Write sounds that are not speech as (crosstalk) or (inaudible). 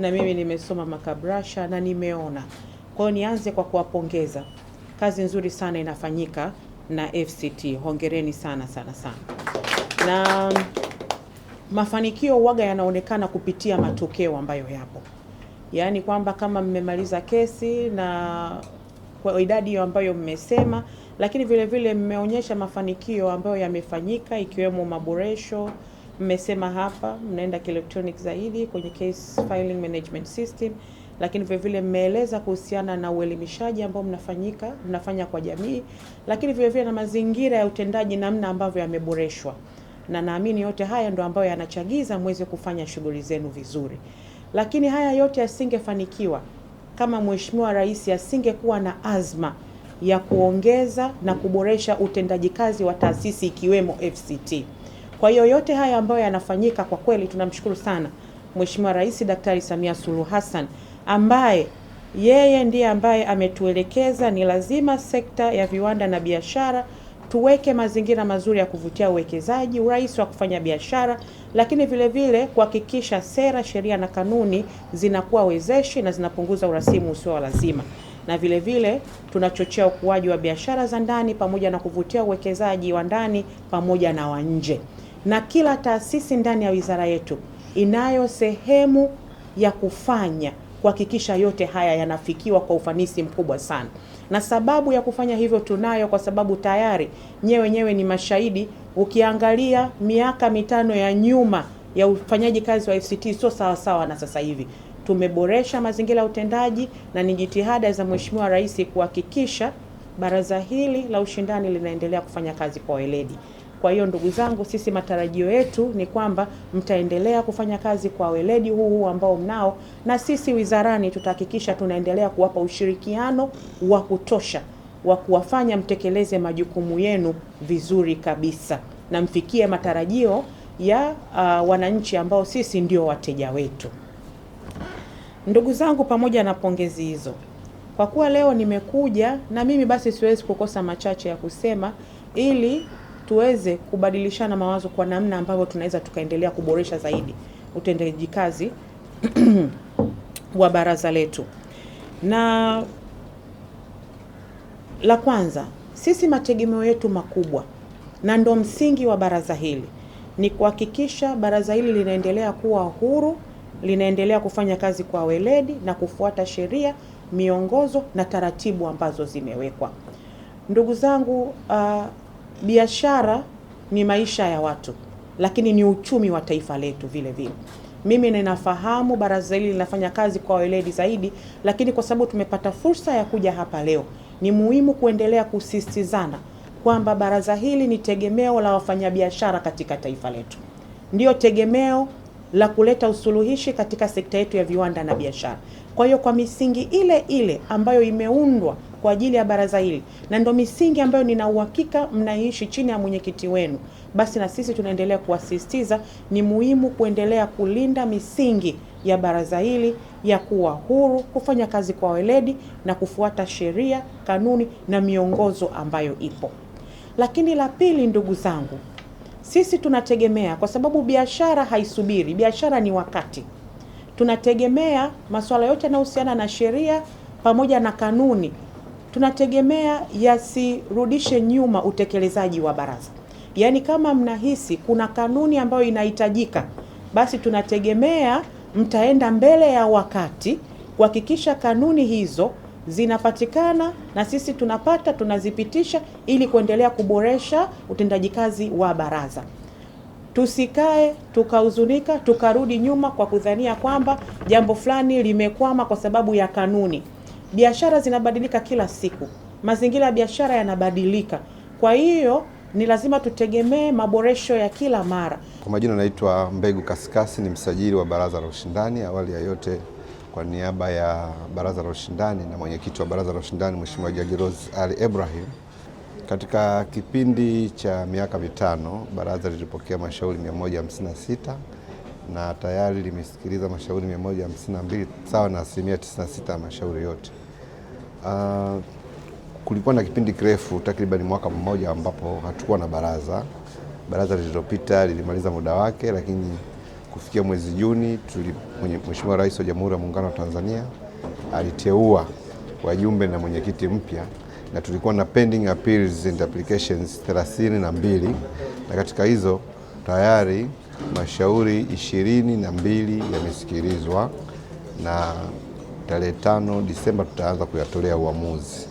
na mimi nimesoma makabrasha na nimeona. Kwa hiyo nianze kwa kuwapongeza, kazi nzuri sana inafanyika na FCT, hongereni sana sana sana. Na mm, mafanikio waga yanaonekana kupitia matokeo ambayo yapo, yaani kwamba kama mmemaliza kesi na kwa idadi ambayo mmesema, lakini vile vile mmeonyesha mafanikio ambayo yamefanyika ikiwemo maboresho mmesema hapa mnaenda kielektronic zaidi kwenye case filing management system, lakini vilevile mmeeleza kuhusiana na uelimishaji ambao mnafanyika mnafanya kwa jamii, lakini vilevile na mazingira ya utendaji, namna ambavyo yameboreshwa, na naamini yote haya ndo ambayo yanachagiza mweze kufanya shughuli zenu vizuri. Lakini haya yote yasingefanikiwa kama Mheshimiwa Rais asingekuwa na azma ya kuongeza na kuboresha utendaji kazi wa taasisi ikiwemo FCT. Kwa hiyo yote haya ambayo yanafanyika kwa kweli tunamshukuru sana Mheshimiwa Rais Daktari Samia Suluhu Hassan ambaye yeye ndiye ambaye ametuelekeza ni lazima sekta ya viwanda na biashara tuweke mazingira mazuri ya kuvutia uwekezaji, urahisi wa kufanya biashara, lakini vile vile kuhakikisha sera, sheria na kanuni zinakuwa wezeshi na zinapunguza urasimu usio wa lazima, na vile vile tunachochea ukuaji wa biashara za ndani pamoja na kuvutia uwekezaji wa ndani pamoja na wa nje na kila taasisi ndani ya wizara yetu inayo sehemu ya kufanya kuhakikisha yote haya yanafikiwa kwa ufanisi mkubwa sana, na sababu ya kufanya hivyo tunayo, kwa sababu tayari nyewe nyewe ni mashahidi. Ukiangalia miaka mitano ya nyuma ya ufanyaji kazi wa fct sio sawasawa na sasa hivi. Tumeboresha mazingira ya utendaji na ni jitihada za Mheshimiwa Rais kuhakikisha baraza hili la ushindani linaendelea kufanya kazi kwa weledi. Kwa hiyo ndugu zangu, sisi matarajio yetu ni kwamba mtaendelea kufanya kazi kwa weledi huu huu ambao mnao, na sisi wizarani tutahakikisha tunaendelea kuwapa ushirikiano wa kutosha wa kuwafanya mtekeleze majukumu yenu vizuri kabisa na mfikie matarajio ya uh, wananchi ambao sisi ndio wateja wetu. Ndugu zangu, pamoja na pongezi hizo, kwa kuwa leo nimekuja na mimi basi siwezi kukosa machache ya kusema ili tuweze kubadilishana mawazo kwa namna ambavyo tunaweza tukaendelea kuboresha zaidi utendaji kazi (clears throat) wa baraza letu. Na la kwanza, sisi mategemeo yetu makubwa na ndo msingi wa baraza hili ni kuhakikisha baraza hili linaendelea kuwa huru, linaendelea kufanya kazi kwa weledi na kufuata sheria, miongozo na taratibu ambazo zimewekwa. Ndugu zangu, uh, biashara ni maisha ya watu, lakini ni uchumi wa taifa letu vile vile. Mimi ninafahamu baraza hili linafanya kazi kwa weledi zaidi, lakini kwa sababu tumepata fursa ya kuja hapa leo, ni muhimu kuendelea kusisitizana kwamba baraza hili ni tegemeo la wafanyabiashara katika taifa letu, ndiyo tegemeo la kuleta usuluhishi katika sekta yetu ya viwanda na biashara. Kwa hiyo, kwa misingi ile ile ambayo imeundwa kwa ajili ya baraza hili, na ndio misingi ambayo nina uhakika mnaishi chini ya mwenyekiti wenu. Basi na sisi tunaendelea kuwasisitiza, ni muhimu kuendelea kulinda misingi ya baraza hili ya kuwa huru, kufanya kazi kwa weledi na kufuata sheria, kanuni na miongozo ambayo ipo. Lakini la pili, ndugu zangu, sisi tunategemea, kwa sababu biashara haisubiri, biashara ni wakati. Tunategemea masuala yote yanayohusiana na sheria pamoja na kanuni tunategemea yasirudishe nyuma utekelezaji wa baraza. Yaani, kama mnahisi kuna kanuni ambayo inahitajika, basi tunategemea mtaenda mbele ya wakati kuhakikisha kanuni hizo zinapatikana na sisi tunapata tunazipitisha, ili kuendelea kuboresha utendaji kazi wa baraza. Tusikae tukahuzunika tukarudi nyuma kwa kudhania kwamba jambo fulani limekwama kwa sababu ya kanuni biashara zinabadilika kila siku, mazingira ya biashara yanabadilika. Kwa hiyo ni lazima tutegemee maboresho ya kila mara. Kwa majina, naitwa Mbegu Kasikasi, ni msajili wa Baraza la Ushindani. Awali ya yote, kwa niaba ya Baraza la Ushindani na mwenyekiti wa Baraza la Ushindani Mheshimiwa Jaji Rose Ali Ibrahim, katika kipindi cha miaka mitano baraza lilipokea mashauri 156 na tayari limesikiliza mashauri 152 sawa na asilimia 96 ya mashauri yote. Uh, kulikuwa na kipindi kirefu takriban mwaka mmoja ambapo hatukuwa na baraza. Baraza lililopita lilimaliza muda wake, lakini kufikia mwezi Juni Mheshimiwa Rais wa Jamhuri ya Muungano wa Tanzania aliteua wajumbe na mwenyekiti mpya, na tulikuwa na pending appeals and applications thelathini na mbili na katika hizo tayari mashauri ishirini na mbili yamesikilizwa na tarehe tano Disemba tutaanza kuyatolea uamuzi.